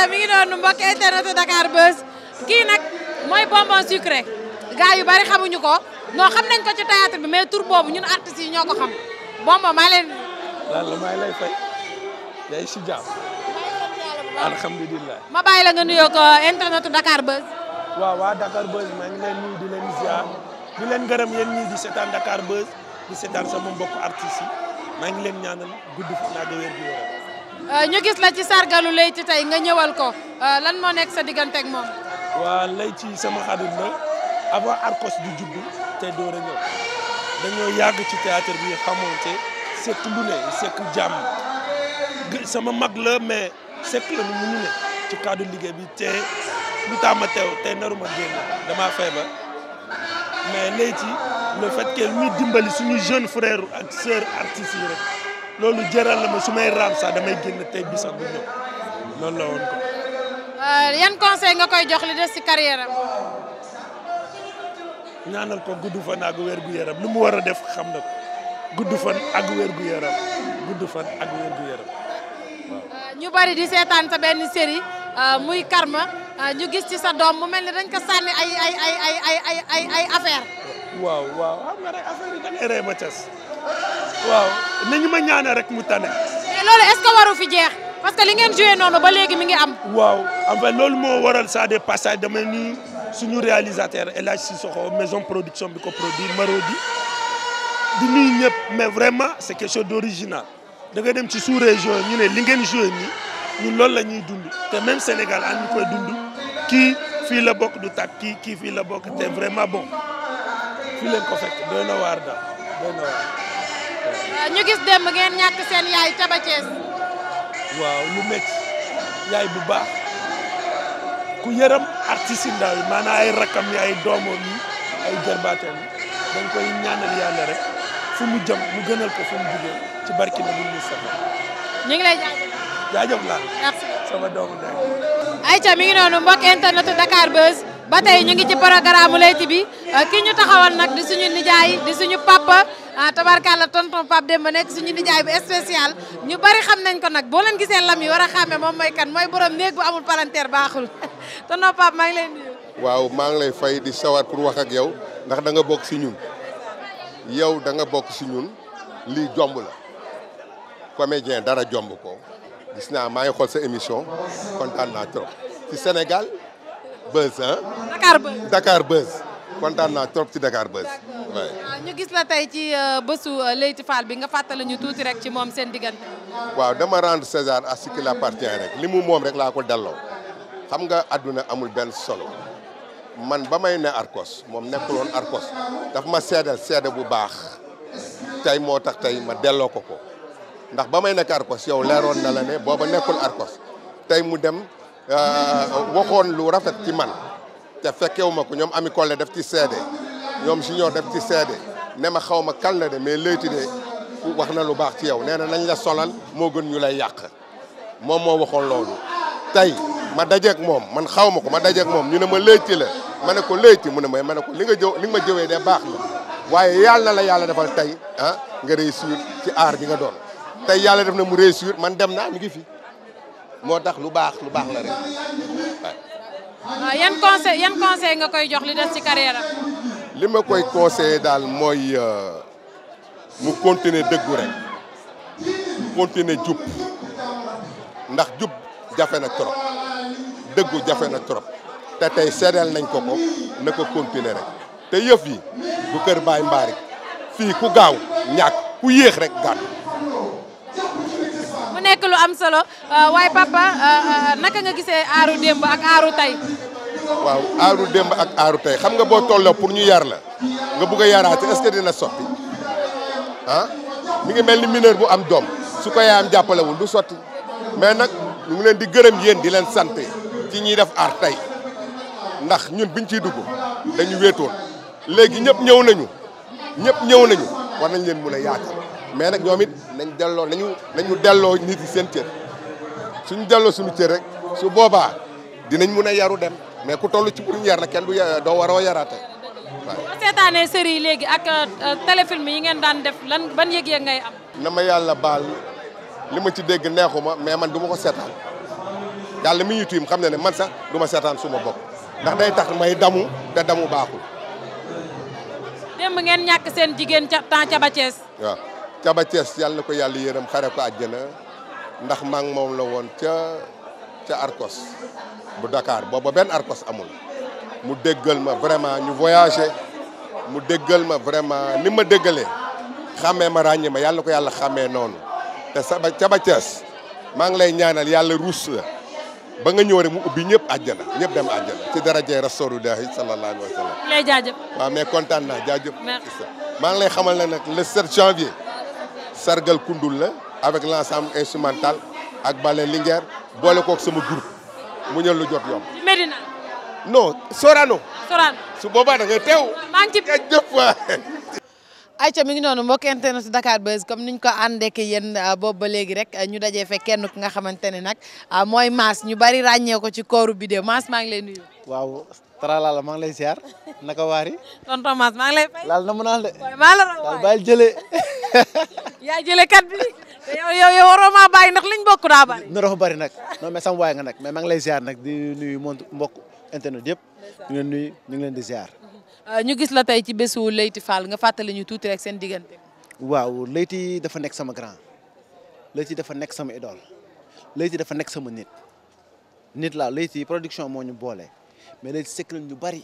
ayca mi ngi noonu mbokk internet Dakar Buzz kii nag mooy bonbon sucré gars bari xamuñu ko non xam nañ ko ci bi mais tur ñun artistes ñoo ko xam bonbon maa leen. la may lay fay day si jàmm. alhamdulilah. ma bàyyi la nga nuyoo ko internet Dakar Buzz. waaw waa Dakar Buzz maa ngi leen nuyu di leen ziar di leen gërëm yéen ñii di seetaan Dakar Buzz di seetaan sama mbokk artistes yi maa ngi leen ñaanal gudd fan ak wér gu yaram Euh, ñu gis la ci sargalu Leyti tey nga ñëwal ko euh, lan moo nekk sa digganteeg moom. waa Leyti sama xarit la avant Arcos du judd te door a ñëw dañoo yàgg ci théâtre bi xamoonte sekk lu ne sekk jàmm sama mag la mais sekk la nu mu ne ci cadre liggéey bi te lu tax ma teew te naruma génn dama feebar mais Leyti le fait que muy dimbali suñu jeune frère ak sœur artistes yi rek. loolu jëral la ma su may raam sax damay génn tey bi sax bu ñëw loolu la woon ko. Euh, yan conseil nga koy jox li des ci carrière am. ñaanal ko gudd fan ak wér gu yaram lu mu war a def xam na ko gudd fan ak wér gu yaram gudd fan ak wér gu yaram euh, ñu bari di seetaan sa benn série euh, muy Karma ñu gis ci sa doom mu mel ni dañ ko sànni ay ay ay ay ay ay ay affaire. ba cas waaw nañu ma ñaanal rek mu tane. loolu est-ce que waru fi jeex parce que li ngeen noonu ba léegi mi ngi am. waaw en loolu moo waral ça des passages damay nuyu suñu réalisateur El Hadj Sissoko maison production bi ko produit Marodi di nuyu ñëpp mais vraiment c'est quelque chose d'original da nga dem ci sous région ñu ne li ngeen joué nii ñun loolu la ñuy dund te même Sénégal am ñu koy dund kii fii la bokk du tàkk kii kii fii la bokk te vraiment bon fii leen ko waar daal Euh, ñu gis démb ngeen ñàkk seen yaay ca ba Thiès. waaw lu métti yaay bu baax ku yërëm artiste yi ndaw maanaam ay rakam yi ay doomoom yi ay jarbaateem yi dañ koy ñaanal yàlla rek fu mu jëm mu gënal ko fu mu ci barki na bu ñu ngi lay jaajëf. jaajëf laa. merci sama doomu ndey. Aïcha mi ngi noonu mbokk internetu Dakar Buzz. ba tey ñu ngi ci programme Leyti bi euh, ki ñu taxawal nag di suñu nijaay di suñu papa euh, tabarkalla tonton Pape Demba nekk suñu nijaay bu spécial ñu bari xam nañ ko nag boo gisee lam yi war a xàmme moom mooy kan mooy borom néeg bu amul palanteer baaxul tonton Pape maa ngi lay nuyu. waaw maa ngi lay fay di sawaat pour wax ak yow ndax danga bokk si ñun yow danga bokk si ñun lii jomb la comédien dara jomb ko gis naa maa ngi xool sa émission kontaan naa buzz ah. Dakar buzz Dakar trop ci Dakar buzz. waaw ah, ñu gis la tey ci euh, bésu euh, Leyti Fall bi nga fàttali ñu tuuti rek ci moom seen diggante. waaw dama rendre César à ce qu'il appartient rek li mu moom rek laa ko delloo xam nga àdduna amul benn solo man ba may ne Arcos moom nekkuloon Arcos daf ma seedal seede bu baax tey moo tax tey ma delloo ko ko ndax ba may nekk Arcos yow leeroon na la ne booba nekkul Arcos tey mu dem. Euh, waxoon lu rafet ci man te fekkewuma ko ñoom ami Collé def ci seede ñoom si Junior def ci seede ne ma xaw ma kan la de mais léyti de wax na lu baax ci yow nee na nañ la solal moo gën ñu lay yàq moom moo waxoon loolu tey ma dajeeg moom man xaw ma ko ma dajeeg moom ñu ne ma léyti la ma ne ko léyti mu ne ma ma ne ko li nga jëw li ma jëwee de baax na waaye yàlla na la yàlla defal tey ah nga réussir ci aar bi nga doon tey yàlla def na mu réussir man dem naa mi ngi fi moo tax lu baax lu baax la rek yan conseil nga koy jox li des ci carrière am ma koy conseillé daal mooy euh, mu continuer dëggu rek continuer jub ndax jub jafe na trop dëggu jafe na trop te tey seedeel nañ ko ko na ko continuer rek te yëf yi bu kër baay mbaari fii ku gaaw ñàkk ku yéex rek gàtt mu nekk lu am solo euh, waaye papa euh, euh, naka nga gisee aaru démb ak aaru tey. waaw aaru démb ak aaru tey xam nga boo tolloo pour ñu yar la nga bugg a yaraate est-ce que dina sotti ah mi ngi mel ni mineur bu am doom su ko yaayam jàppalewul du sotti mais nag ñu ngi leen di gërëm yéen di leen sant ci ñiy def aar tey ndax ñun biñ ciy dugg dañu wéetoon léegi ñëpp ñëw nañu ñëpp ñëw nañu war nañ leen mën a yaatal mais nag ñoom it nañ delloo nañu nañu delloo nit yi seen cër suñu delloo suñu cër rek su boobaa dinañ mun a yaru dem mais ku toll ci buñ yar na kenn du doo waroo yaraate waaw. boo seetaanee série yi léegi ak euh, téléfilm yi ngeen daan def lan ban yëg-yëg ngay am. na ma yàlla baal li ma ci dégg neexuma mais man du ma ko seetaan yàlla mi ñu tiim xam na ne man sax du ma seetaan suma bopp ndax day tax may damu te damu baaxul. démb ngeen ñàkk seen jigéen ca temps ca ba ca ba yàlla na ko yàlla yërëm xare ko àjjana ndax maa ngi moom la woon ca ca Arcos bu dakaar booba benn Arcos amul mu déggal ma vraiment ñu voyagé mu déggal ma vraiment ni ma déggalee xàmmee ma ràññee ma yàlla na ko yàlla xàmmee noonu te sa ba ca ba Cees ngi lay ñaanal yàlla ruus la ba nga ñëw rek mu ubbi ñëpp àjjana ñëpp dem àjjana ci darajee rasulullahi sallallahu alayhi wa sallam. lay jaajëf. waaw lay xamal ne nag le janvier. sargal kundul la avec l' ensemble instrumental ak Balen Linguère boole kook sama groupe mu ñëw lu jot yomb. ci Medina. Sorano. Sorano su boobaa da ngay teew. maa ngi ci ayca mi ngi noonu mbokk internet Dakar Buzz comme niñ ko àndee ak yéen ah, boobu ba léegi rek ah, ñu dajee fekk kenn nga xamante ne nag ah, mooy mas ñu bari ràññee ko ci kooru Bidew Mass maa ngi nuyu. waaw taralaala maa ngi lay ziar naka waari. tonton Mass maa ngi lay fay. laal na mu yaa jëlee kat bi te yow yow yow waroo maa bàyyi ndax liñ bokk daa bari. na dafa bari nag non mais sama waay nga nag mais maa ngi lay ziar nag di nuyu mont mbokk internet yëpp ñu ngi leen nuyu ñu ngi leen di ziar. Euh, ñu gis la tey ci bésu Leyti Fall nga fàttali ñu tuuti rek seen diggante. waaw Leyti dafa nekk sama grand Leyti dafa nekk sama idole Leyti dafa nekk sama nit nit laa Leyti production moo ñu boole mais Leyti sekk nañ ñu bari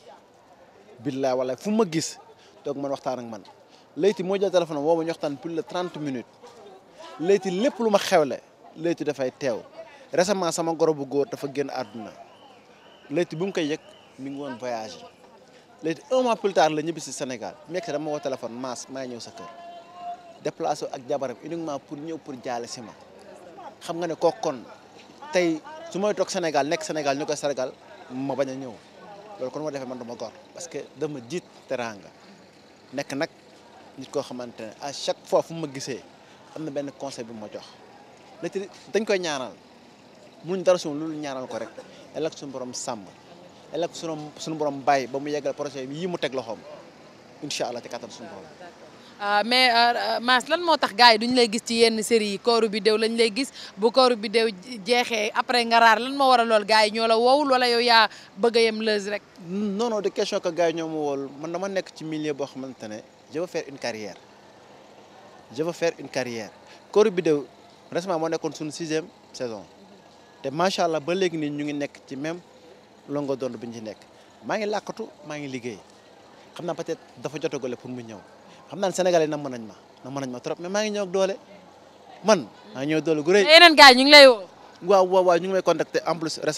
billaay walaay fu ma gis toog man waxtaan ak man. Leyti moo jël téléphone woo ma ñu waxtaan plus de trente minutes Leyti lépp lu ma xewle Leyti dafay teew récemment sama goro bu góor dafa génn àdduna Leyti bu mu koy yëg mu ngi woon voyage Leyti un mois plus tard la ñibbi si Sénégal mekk dama téléphone maas maa ñëw sa kër déplacé ak jabaram uniquement pour ñëw pour jaale si ma xam nga ne kooku kon tey su may toog Sénégal nekk Sénégal ñoo koy sénégal ma bañ a ñëw loolu kon moo defee man ma gor parce que dama jiit teraanga nekk nag. nit koo xamante ne à chaque fois fu ma gisee am na benn conseil bi mu ma jox la ci dañ koy ñaanal munuñ dara suñu loolu ñaanal ko rek yàlla ak suñu borom sàmm yàlla ak suñu suñu borom bàyyi ba mu yeggal projet yi mu teg loxoom incha allah ci kattan borom. Euh, mais euh, euh, Mass lan moo tax gars yi duñ lay gis ci yenn série yi kooru bi dew lañ lay gis bu kooru bi dew jeexee après nga raar lan moo war lool gars yi ñoo la wowul wala yow yaa bëgg a yem Leuz rek. non non de question que gars yi ñoo ma wowul man dama nekk ci milieu boo xamante ne. je veux faire une carrière je veux faire une carrière Kori Biddew moo nekkoon suñu sixième saison te macha allah ba léegi nii ñu ngi nekk ci même longo dond bi ñu ci nekk maa ngi làkkatu maa ngi liggéey xam naa peut-être dafa jotagale pour mu ñëw xam naa ne Sénégalais nam mën nañ ma nam mën nañ ma trop mais maa ngi ñëw ak doole man maa ngi ñëw doole gu rëy.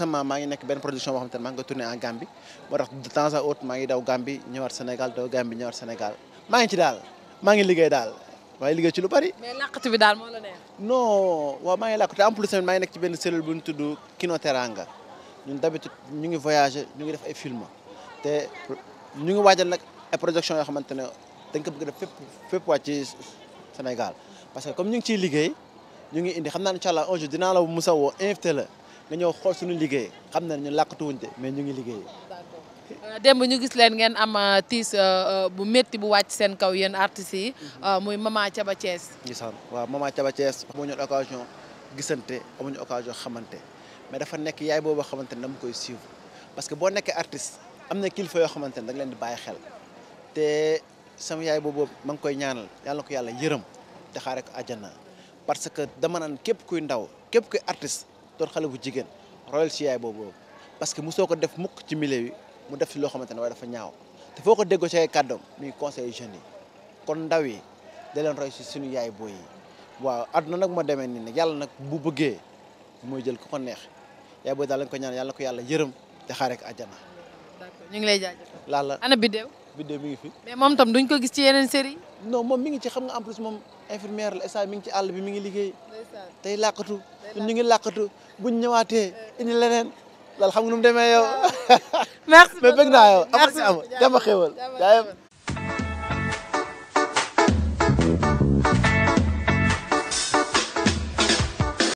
maa ngi nekk benn production boo xam te ne maa ngi ko tourné en Gambie moo tax de Sénégal maa ngi ci daal maa ngi liggéey daal waaye liggéey ci lu bari. mais làqatu bi daal moo la neex. non waaw maa ngi làqatu en plus tamit maa ngi nekk ci benn cellule bu ñu tuddu Kino Teranga ñun d'habitude ñu ngi voyager ñu ngi def ay film te ñu ngi waajal nag ay projection yoo xamante ne dañ ko bëgg def fépp fépp wàcc ci Sénégal parce que comme ñu ngi ciy liggéey ñu ngi indi xam naa incha allah un jour dinaa la musa woo invité la nga ñëw xool suñu liggéey xam ne ñu làqatuwuñte mais ñu ngi liggéey. Euh, démb ñu gis leen ngeen am euh, tiis euh, bu métti bu wàcc seen kaw yéen artistes yi. muy Mama Thiaba Thiès. gisaan waaw Mama Thiaba Thiès. amuñu occasion gisante amuñu occasion xamante mais dafa nekk yaay boobu xamante ne dama koy suivre parce que boo nekkee artiste am na kilifa yoo xamante ne da leen di bàyyi xel te sama yaay boobu ma ngi koy ñaanal yàlla na ko yàlla yërëm te xaar ko àjjana parce que dama naan képp kuy ndaw képp kuy artiste doon xale bu jigéen royal si yaay boobu parce que mosoo ko def mukk ci mu def si loo xamante ne waaye dafa ñaaw te foo ko déggoo ci ay kàddoom muy conseil jeunes kon ndaw yi da leen roy si suñu yaay booy yi waaw àdduna nag moo demee nii nag yàlla nag bu bëggee mooy jël ku ko neex yaay booy daal ko ñaan yàlla ko yàlla yërëm te xaaree ko àjjana. ñu ngi lay jaajëfal. laala ana Biddew. Biddew mi ngi fi. mais ko gis ci yeneen série non mi ngi ci xam nga en plus ngi ci àll bi mi ngi liggéey. tey làqatu ñu ngi làqatu buñ ñëwaatee euh. loolu xam nga nu mu demee yow. merci mais bëgg naa yow. am na si am jàmm xéwal